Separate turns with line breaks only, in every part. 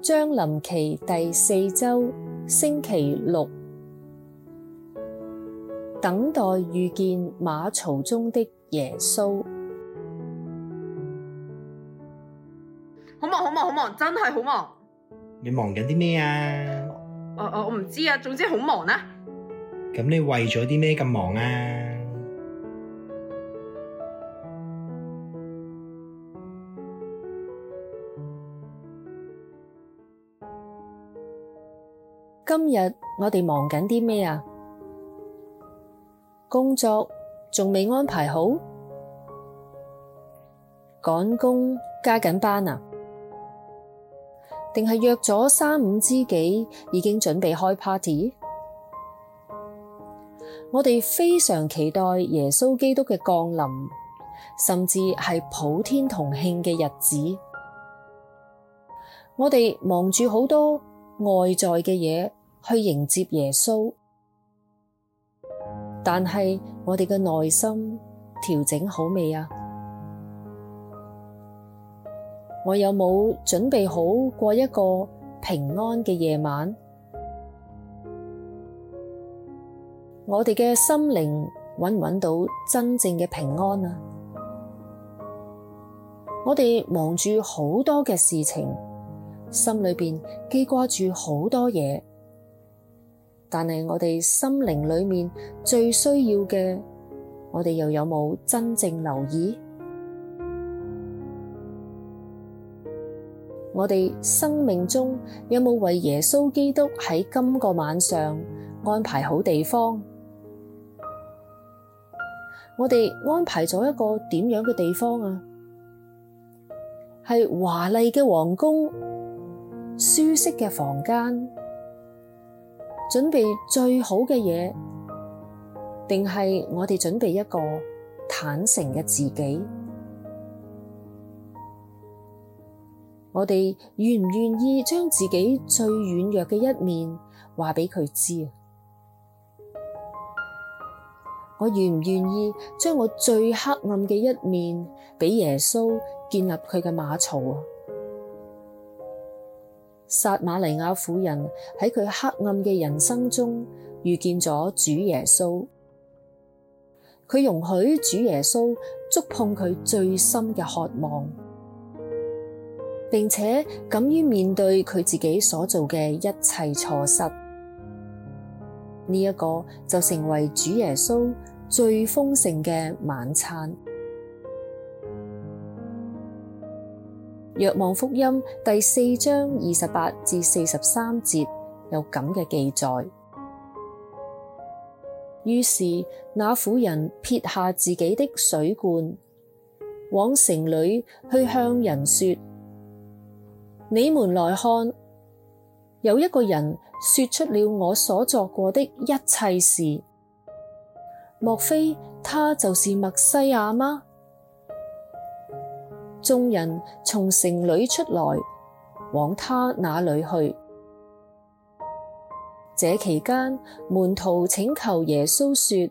將臨期第四周，星期六，等待遇見馬槽中的耶穌。好忙，好忙，好忙，真係好忙。你忙緊啲咩啊？我我我唔知啊，總之好忙啊。咁你為咗啲咩咁忙啊？今日我哋忙緊啲咩啊？工作仲未安排好，趕工加緊班啊？定係約咗三五知己，已經準備開 party？我哋非常期待耶穌基督嘅降臨，甚至係普天同慶嘅日子。我哋忙住好多外在嘅嘢。去迎接耶穌，但係我哋嘅內心調整好未啊？我有冇準備好過一個平安嘅夜晚？我哋嘅心靈揾唔揾到真正嘅平安啊？我哋忙住好多嘅事情，心裏邊記掛住好多嘢，但係我哋心靈裏面最需要嘅，我哋又有冇真正留意？我哋生命中有冇為耶穌基督喺今個晚上安排好地方？我哋安排咗一個點樣嘅地方啊？係華麗嘅皇宮，舒適嘅房間。準備最好嘅嘢，定係我哋準備一個坦誠嘅自己？我哋願唔願意將自己最軟弱嘅一面話俾佢知啊？我願唔願意將我最黑暗嘅一面俾耶穌建立佢嘅馬槽啊？撒瑪黎雅婦人喺佢黑暗嘅人生中，遇見咗主耶穌，佢容許主耶穌觸碰佢最深嘅渴望，並且敢於面對佢自己所做嘅一切錯失。呢、這、一個就成為主耶穌最豐盛嘅晚餐。《若望福音》第四章二十八至四十三節有咁嘅記載。於是那婦人撇下自己的水罐，往城裏去向人說：你們來看，有一個人說出了我所作過的一切事，莫非他就是默西亞嗎？眾人從城裏出來，往他那裏去。這期間，門徒請求耶穌說：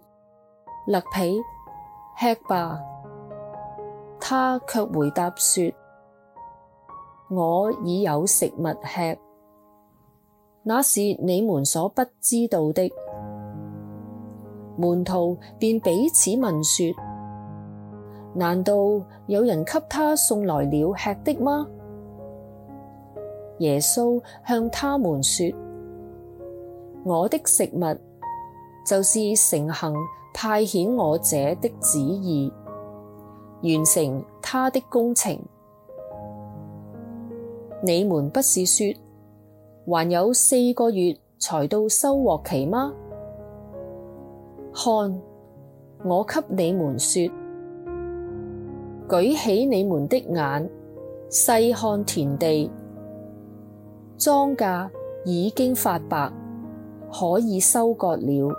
辣彼，吃罷。他卻回答說：我已有食物吃，那是你們所不知道的。門徒便彼此問說。難道有人給他送來了吃的嗎？耶穌向他們說：我的食物就是承行派遣我者的旨意，完成他的工程。你們不是說還有四個月才到收穫期嗎？看，我給你們說。舉起你們的眼，細看田地，莊稼已經發白，可以收割了。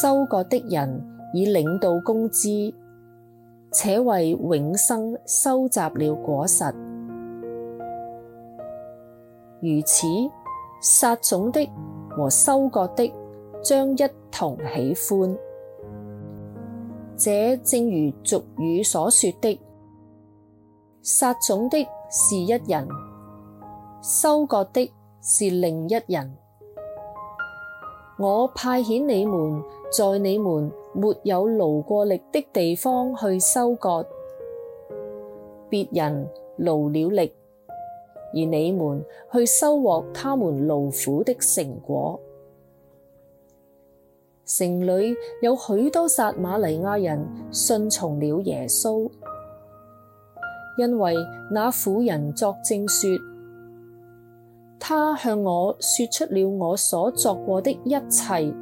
收割的人已領到工資，且為永生收集了果實。如此，撒種的和收割的將一同喜歡。這正如俗語所說的：撒種的是一人，收割的是另一人。我派遣你們在你們沒有勞過力的地方去收割，別人勞了力，而你們去收穫他們勞苦的成果。城裏有許多撒瑪尼亞撒瑪黎雅人信從了耶穌，因為那婦人作證說，他向我說出了我所作過的一切。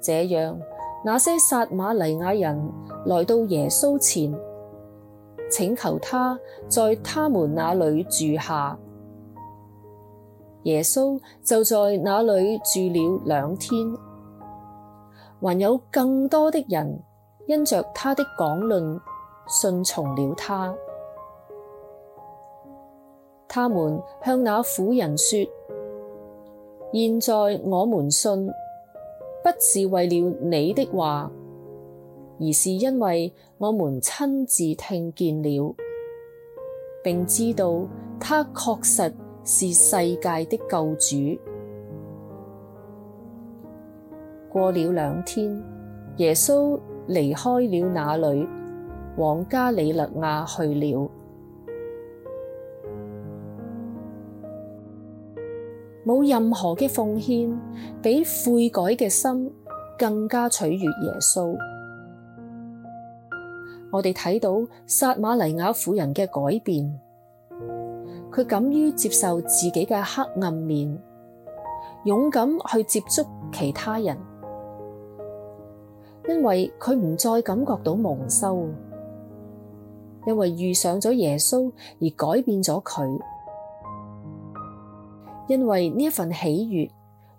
這樣，那些撒瑪黎雅人來到耶穌前，請求他在他們那裏住下。耶穌就在那裏住了兩天，還有更多的人因着他的講論信從了他。他們向那婦人說：現在我們信，不是為了你的話，而是因為我們親自聽見了，並知道他確實。是世界的救主。過了兩天，耶穌離開了那裏，往加里肋亞去了。冇任何嘅奉獻比悔改嘅心更加取悅耶穌。我哋睇到撒瑪黎雅婦人嘅改變。佢敢於接受自己嘅黑暗面，勇敢去接觸其他人，因為佢唔再感覺到蒙羞，因為遇上咗耶穌而改變咗佢，因為呢一份喜悅，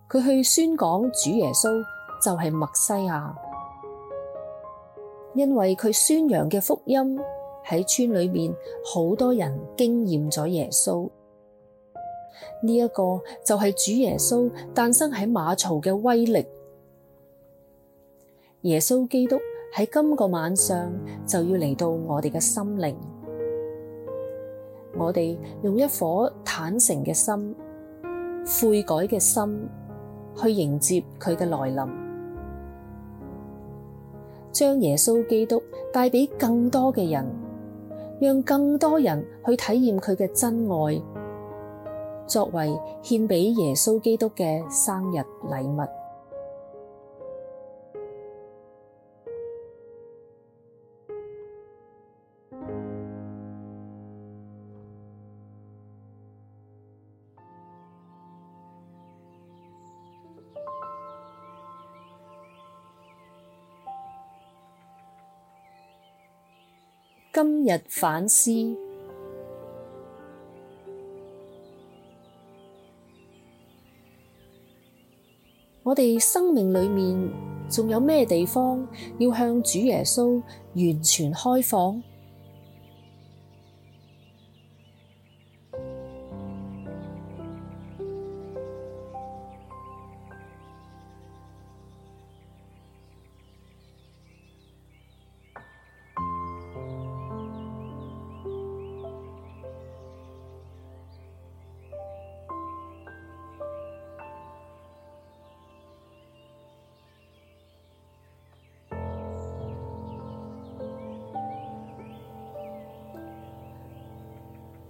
佢去宣講主耶穌就係默西亞，因為佢宣揚嘅福音。喺村裏面，好多人經驗咗耶穌。呢、這、一個就係主耶穌誕生喺馬槽嘅威力。耶穌基督喺今個晚上就要嚟到我哋嘅心靈，我哋用一顆坦誠嘅心、悔改嘅心去迎接佢嘅來臨，將耶穌基督帶俾更多嘅人。讓更多人去體驗佢嘅真愛，作為獻俾耶穌基督嘅生日禮物。今日反思，我哋生命裏面仲有咩地方要向主耶穌完全開放？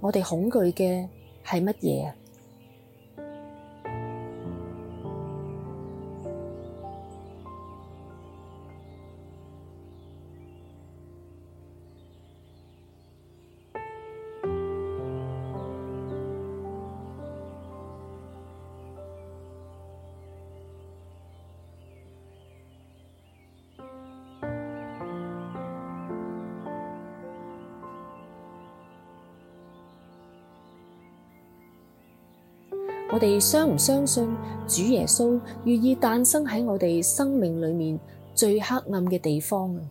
我哋恐懼嘅係乜嘢啊？我哋相唔相信主耶穌願意誕生喺我哋生命裏面最黑暗嘅地方啊？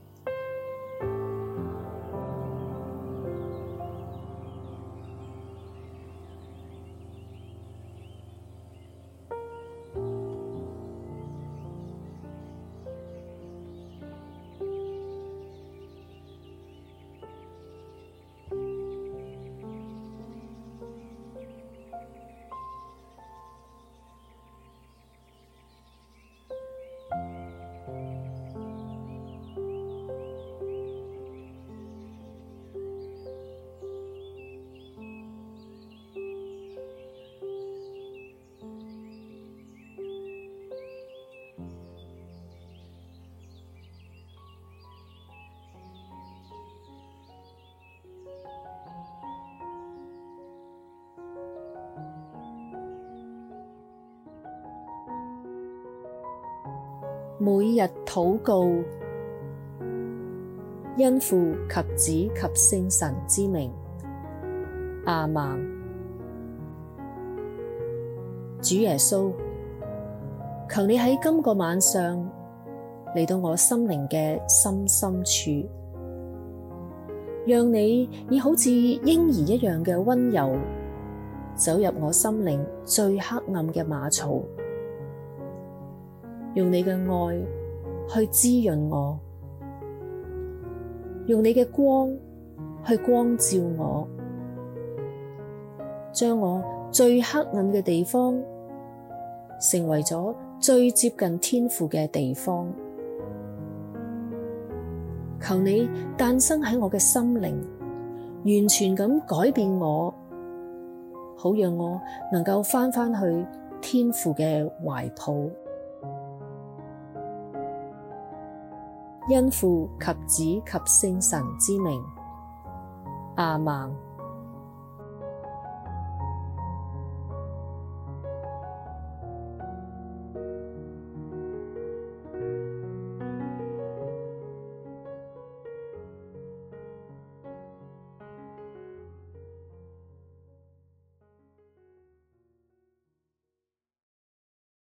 每日禱告，因父及子及聖神之名，阿們。主耶穌，求你喺今個晚上嚟到我心靈嘅深深處，讓你以好似嬰兒一樣嘅温柔，走入我心靈最黑暗嘅馬槽。用你嘅愛去滋潤我，用你嘅光去光照我，將我最黑暗嘅地方成為咗最接近天父嘅地方。求你誕生喺我嘅心靈，完全咁改變我，好讓我能夠翻返去天父嘅懷抱。因父及子及聖神之名，阿們。